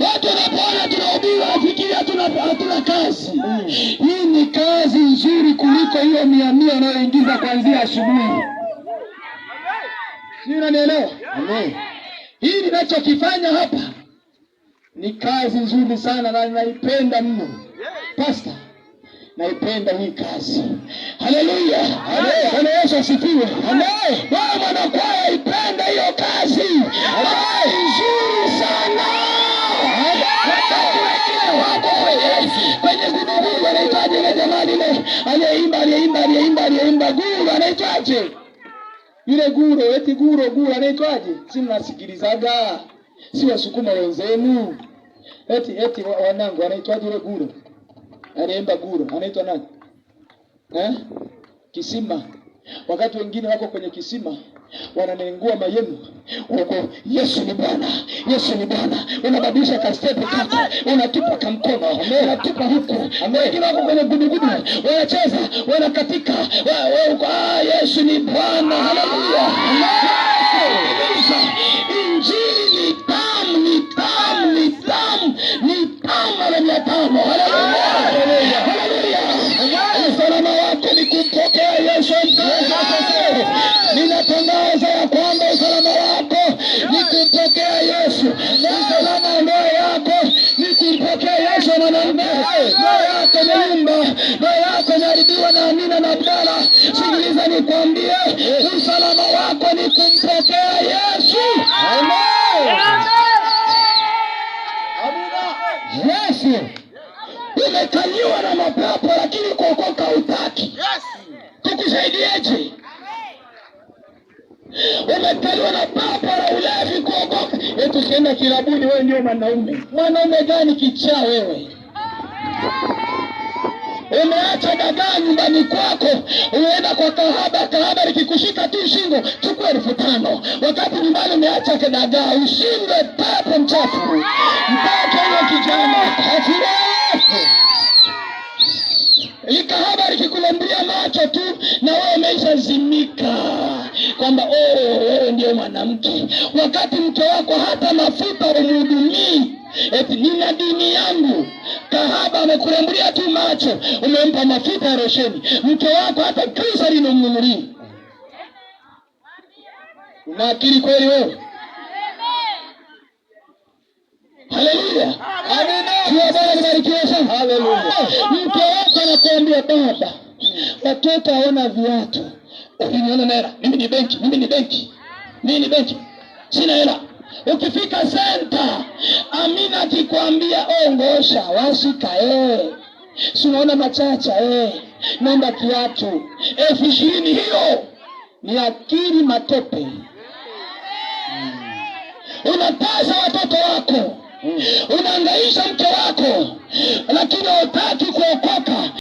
Watu wanapoona tunahubiri wafikiria hatuna kazi. Hii ni kazi nzuri kuliko hiyo mia mia anayoingiza kuanzia asubuhi. Si unanielewa? Hii ninachokifanya hapa ni kazi nzuri sana, na naipenda mno. Pasta, naipenda hii kazi. Haleluya! Bwana Yesu asifiwe. mwanakwaya, ipenda hiyo kazi. gani ile aliyeimba aliyeimba aliyeimba aliyeimba guru anaitwaje? Yule guru eti guru guru anaitwaje? Si mnasikilizaga? Si wasukuma wenzenu? Eti eti wanangu anaitwaje yule guru? Anaimba guru anaitwa nani? Eh? Kisima. Wakati wengine wako kwenye kisima wananengua mayemu wako Yesu ni Bwana, Yesu ni Bwana, unabadilisha kastepu kako, unatupa kamkono, unatupa huku, wengine wako kwenye gudugudu, wanacheza wanakatika, ah, Yesu ni Bwana. Haleluya! Injili ni tamu, ni tamu, ni tamu, ni tamu, haleluya, tamu, haleluya. Usalama wako ni kumpokea Yesu. Ninatangaza Mungu roho yako imeharibiwa na Amina na Abdala. Sikiliza nikwambie, usalama wako ni kumpokea Yesu. Yesu umekaliwa na mapepo, lakini kuokoka utaki. Tukusaidieje? Umekaliwa na papo la ulevi, kuokoka etusienda kilabuni. Wewe ndio mwanaume. Mwanaume gani kichaa wewe? Umeacha dagaa nyumbani kwako, umeenda kwa kahaba, kahaba likikushika tu shingo, chukua elfu tano wakati nyumbani umeacha dagaa. Ushindwe pepo mchafu, mpaka huyo kijana afurahi. Likahaba likikulambia macho tu, na wewe umeisha zimika kwamba oh, wewe mwanamke, wakati mke wako hata mafuta umhudumii. Eti nina dini yangu, kahaba amekurembulia tu macho, umempa mafuta ya rosheni. Mke wako hata grisari umnunulii. Una kweli wewe? Haleluya, Mke wako anakuambia baba, watoto aona viatu lakini niona hela. Mimi ni benki, mimi ni benki, mimi ni benki, sina hela. Ukifika senta, Amina akikwambia ongosha oh, washika ee, si unaona machacha ee, eh. nenda kiatu elfu ishirini hiyo ni akili matope. Hmm. Unataza watoto wako, hmm. unaangaisha mke wako, lakini hutaki kuokoka.